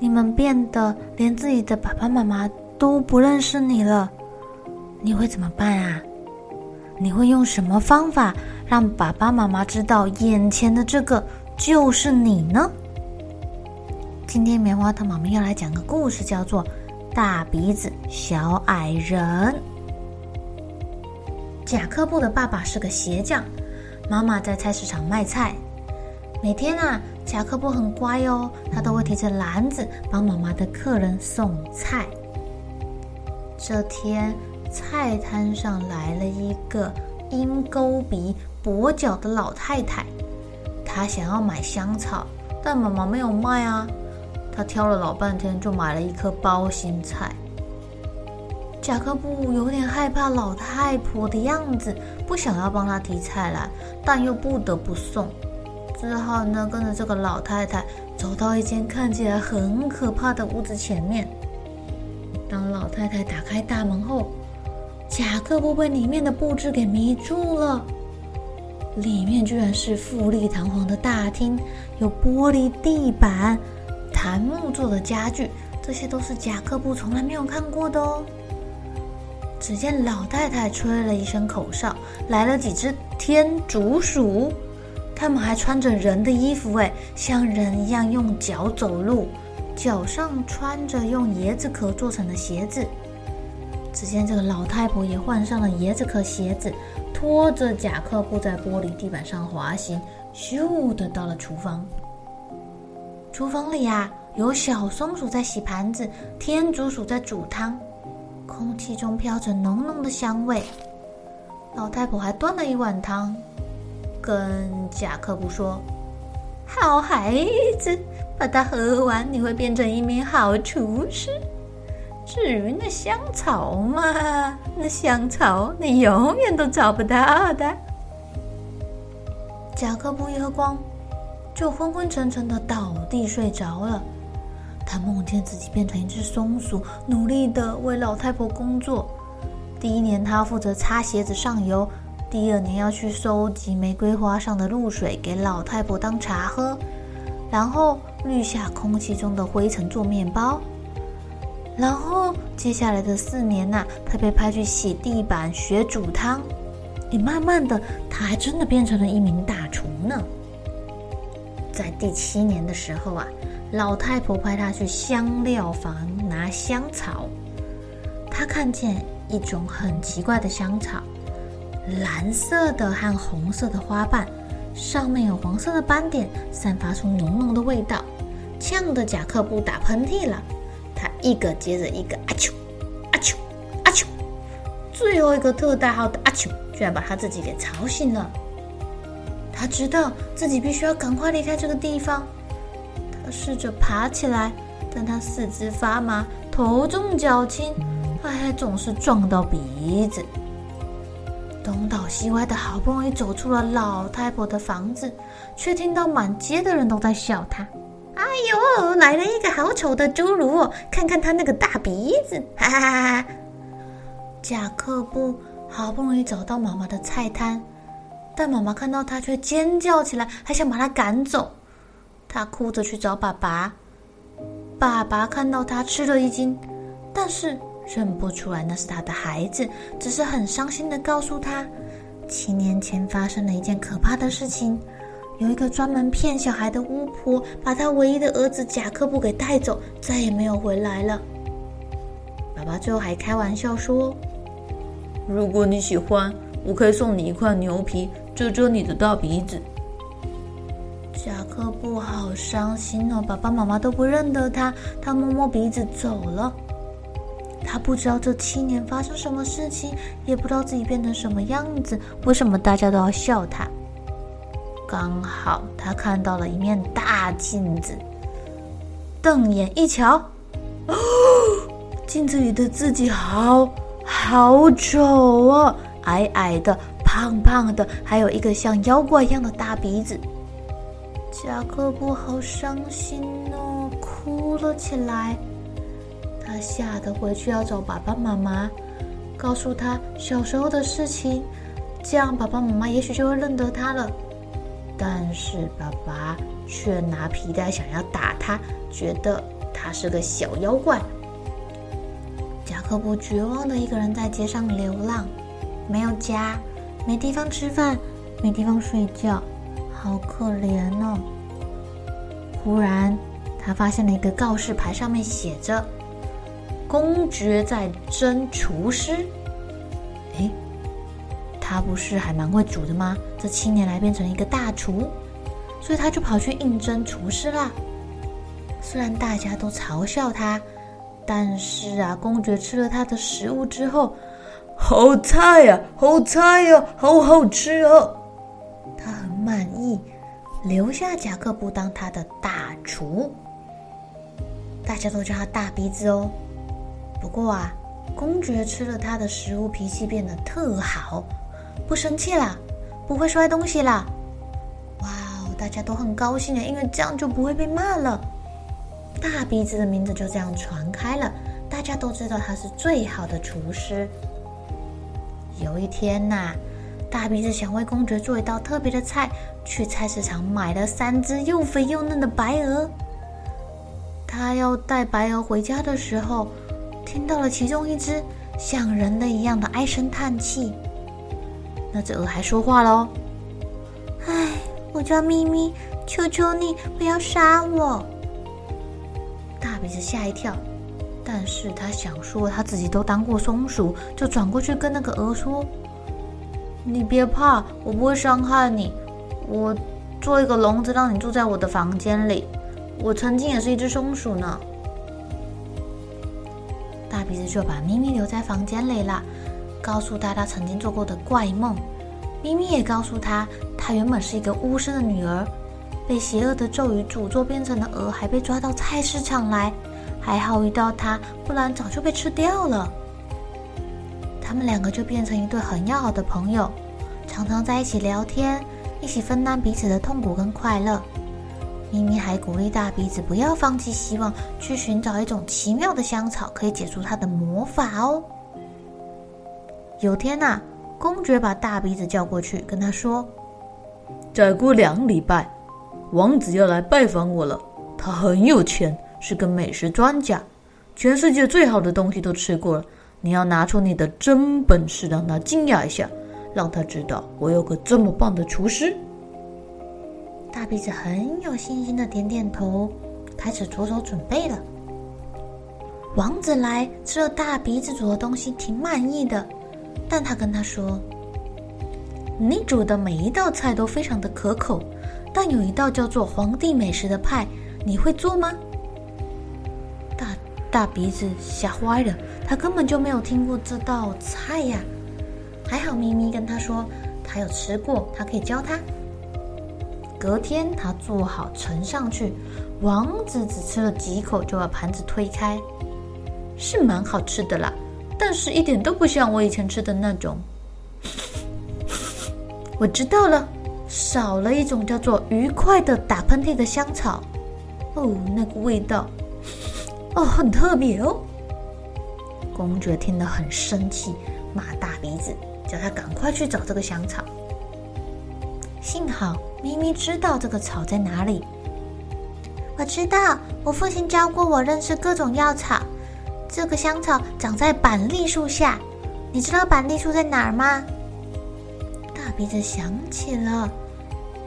你們變得連自己的爸爸媽媽都不認識你了，你會怎麼辦啊？你會用什麼方法讓爸爸媽媽知道眼前的這個就是你呢？今天棉花糖媽媽要來講個故事，叫做《大鼻子小矮人》。賈克布的爸爸是個鞋匠，媽媽在菜市場賣菜，每天啊。賈克布很乖哦，他都會提着籃子幫媽媽的客人送菜。這天，菜攤上來了一個鷹鈎鼻、跛腳的老太太，她想要買香草，但媽媽沒有賣啊。她挑了老半天，就買了一顆包心菜。賈克布有點害怕老太婆的樣子，不想要幫她提菜籃，但又不得不送。之後呢，跟着這個老太太走到一間看起來很可怕的屋子前面。當老太太打開大門後，賈克布被裡面的布置給迷住了。裡面居然是富麗堂皇的大廳，有玻璃地板、檀木做的家具，這些都是賈克布從來沒有看過的哦。只見老太太吹了一聲口哨，來了幾隻天竺鼠。他們還穿着人的衣服，哎，像人一樣用腳走路，腳上穿着用椰子殼做成的鞋子。只見這個老太婆也換上了椰子殼鞋子，拖着甲克布在玻璃地板上滑行，咻的到了廚房。廚房裡啊，有小松鼠在洗盤子，天竺鼠在煮湯，空氣中飄着濃濃的香味。老太婆還端了一碗湯。跟賈克布說：“好孩子，把它喝完，你會變成一名好廚師。至於那香草嘛，那香草你永遠都找不到的。”賈克布一喝光，就昏昏沉沉的倒地睡着了。他夢見自己變成一隻松鼠，努力的為老太婆工作。第一年，他負責擦鞋子上油。第二年要去收集玫瑰花上的露水給老太婆當茶喝，然後濾下空氣中的灰塵做麵包，然後接下來的四年呢，他被派去洗地板、學煮湯。也慢慢的，他還真的變成了一名大廚呢。在第七年的時候啊，老太婆派他去香料房拿香草，他看見一種很奇怪的香草。藍色的和紅色的花瓣，上面有黃色的斑點，散發出濃濃的味道，嗆得賈克布打噴嚏了。他一個接着一個，阿秋，阿秋，阿秋，最後一個特大號的阿秋、啊、居然把他自己給吵醒了。他知道自己必須要趕快離開這個地方。他試着爬起來，但他四肢發麻，頭重腳輕，還、哎、總是撞到鼻子。東倒西歪的，好不容易走出了老太婆的房子，卻聽到滿街的人都在笑他。哎呦，來了一個好醜的侏儒哦！看看他那個大鼻子！哈哈哈哈！賈克布好不容易找到媽媽的菜攤，但媽媽看到他卻尖叫起來，還想把他趕走。他哭着去找爸爸，爸爸看到他吃了一驚，但是。認不出來那是他的孩子，只是很傷心的告訴他，七年前發生了一件可怕的事情，有一個專門騙小孩的巫婆，把他唯一的兒子賈克布給帶走，再也沒有回來了。爸爸最後還開玩笑說：“如果你喜歡，我可以送你一塊牛皮遮遮你的大鼻子。”賈克布好傷心哦，爸爸媽媽都不認得他，他摸摸鼻子走了。他不知道這七年發生什麼事情，也不知道自己變成什麼樣子，為什麼大家都要笑他？剛好他看到了一面大鏡子，瞪眼一瞧，哦，鏡子裡的自己好，好醜啊！矮矮的，胖胖的，還有一個像妖怪一樣的大鼻子。賈克布好傷心哦，哭了起來。他嚇得回去要找爸爸媽媽，告訴他小時候的事情，這樣爸爸媽媽也許就會認得他了。但是爸爸卻拿皮帶想要打他，覺得他是個小妖怪。賈克布絕望的一個人在街上流浪，沒有家，沒地方吃飯，沒地方睡覺，好可憐哦。忽然，他發現了一個告示牌，上面寫着。公爵在徵廚師，哎，他不是還蠻會煮的嗎？這七年來變成一個大廚，所以他就跑去應徵廚師啦。雖然大家都嘲笑他，但是啊，公爵吃了他的食物之後，好菜呀，啊，好菜啊，好好吃哦，啊，他很滿意，留下賈克布當他的大廚。大家都叫他大鼻子哦。不過啊，公爵吃了他的食物，脾氣變得特好，不生氣了，不會摔東西了。哇，大家都很高興啊，因為這樣就不會被罵了。大鼻子的名字就這樣傳開了，大家都知道他是最好的廚師。有一天吶、啊，大鼻子想為公爵做一道特別的菜，去菜市場買了三隻又肥又嫩的白鵝。他要帶白鵝回家的時候，聽到了其中一隻像人類一樣的唉聲嘆氣，那隻鵝還說話了哦。“哎，我叫咪咪，求求你不要殺我！”大鼻子嚇一跳，但是他想說他自己都當過松鼠，就轉過去跟那個鵝說：“你別怕，我不會傷害你。我做一個籠子讓你住在我的房間裡，我曾經也是一只松鼠呢。”鼻子就把咪咪留在房間裡了，告訴他他曾經做過的怪夢。咪咪也告訴他，他原本是一個巫師的女兒，被邪惡的咒語詛咒，詛咒變成的鵝，還被抓到菜市場來。還好遇到他，不然早就被吃掉了。他們兩個就變成一對很要好的朋友，常常在一起聊天，一起分擔彼此的痛苦跟快樂。咪咪還鼓勵大鼻子不要放棄希望，去尋找一種奇妙的香草，可以解除他的魔法哦。有天吶、啊，公爵把大鼻子叫過去，跟他說：“再過兩禮拜，王子要來拜訪我了。他很有錢，是個美食專家，全世界最好的東西都吃過了。你要拿出你的真本事，讓他驚訝一下，讓他知道我有個這麼棒的廚師。”大鼻子很有信心的點點頭，開始着手準備了。王子來吃了大鼻子煮的東西，挺滿意的，但他跟他說：“你煮的每一道菜都非常的可口，但有一道叫做‘皇帝美食’的派，你會做嗎？”大大鼻子嚇壞了，他根本就沒有聽過這道菜呀、啊。還好咪咪跟他說，他有吃過，他可以教他。隔天，他做好盛上去，王子只吃了幾口就把盤子推開，是蠻好吃的啦，但是一點都不像我以前吃的那種。 我知道了，少了一種叫做愉快的打噴嚏的香草。哦，那個味道，哦，很特別哦。公爵聽得很生氣，罵大鼻子，叫他趕快去找這個香草。幸好，咪咪知道這個草在哪裡。我知道，我父親教過我認識各種藥草。這個香草長在板栗樹下，你知道板栗樹在哪兒嗎？大鼻子想起了，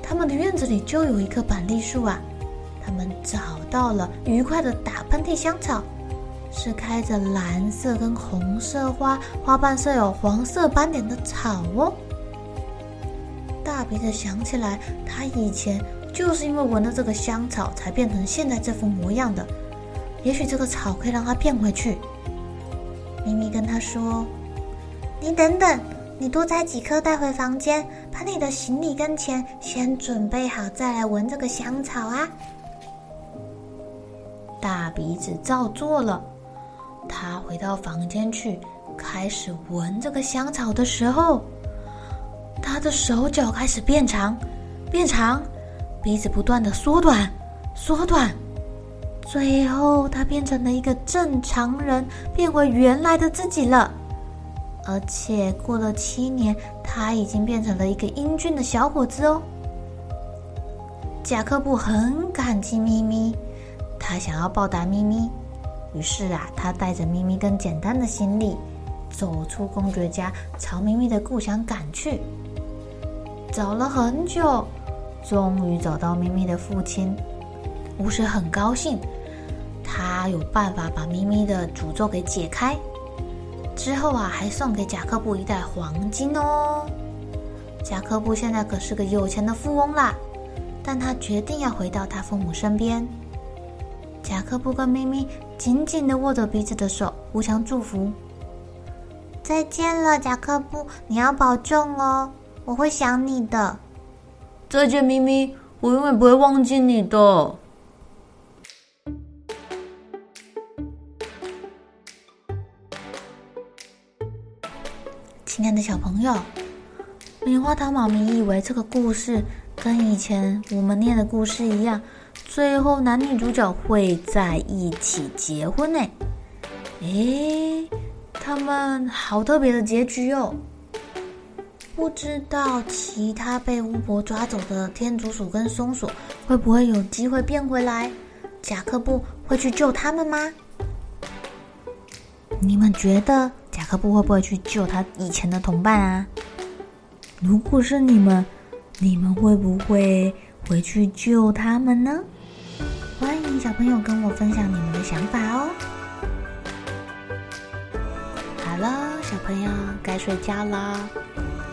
他們的院子裡就有一棵板栗樹啊！他們找到了愉快的打噴嚏香草，是開着藍色跟紅色花，花瓣上有黃色斑點的草哦。大鼻子想起來，他以前就是因為聞了這個香草，才變成現在這副模樣的。也許這個草可以讓他變回去。咪咪跟他說：“你等等，你多摘幾顆帶回房間，把你的行李跟錢先準備好，再來聞這個香草啊。”大鼻子照做了。他回到房間去，開始聞這個香草的時候。他的手腳開始變長，變長，鼻子不斷的縮短，縮短，最後他變成了一個正常人，變回原來的自己了。而且過了七年，他已經變成了一個英俊的小伙子哦。賈克布很感激咪咪，他想要報答咪咪，於是啊，他帶着咪咪跟簡單的行李，走出公爵家，朝咪咪的故鄉趕去。找了很久，終於找到咪咪的父親。巫師很高興，他有辦法把咪咪的詛咒給解開。之後啊，還送給賈克布一袋黃金哦。賈克布現在可是個有錢的富翁啦，但他決定要回到他父母身邊。賈克布跟咪咪緊緊緊地握着彼此的手，互相祝福。再見了，賈克布，你要保重哦。我會想你的，再見，咪咪，我永遠不會忘記你的，親愛的小朋友，棉花糖媽咪以為這個故事跟以前我們念的故事一樣，最後男女主角會在一起結婚呢？誒，他們好特別的結局哦。不知道其他被巫婆抓走的天竺鼠跟松鼠會不會有機會變回來？賈克布會去救他們嗎？你們覺得賈克布會不會去救他以前的同伴啊？如果是你們，你們會不會回去救他們呢？歡迎小朋友跟我分享你們的想法哦。好了，小朋友，該睡覺了。